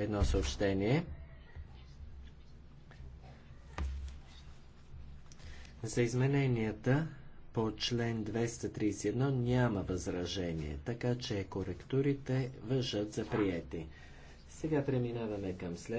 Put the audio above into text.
едно съобщение. За измененията по член 231 няма възражение, така че коректурите въжат за приети. Сега преминаваме към след.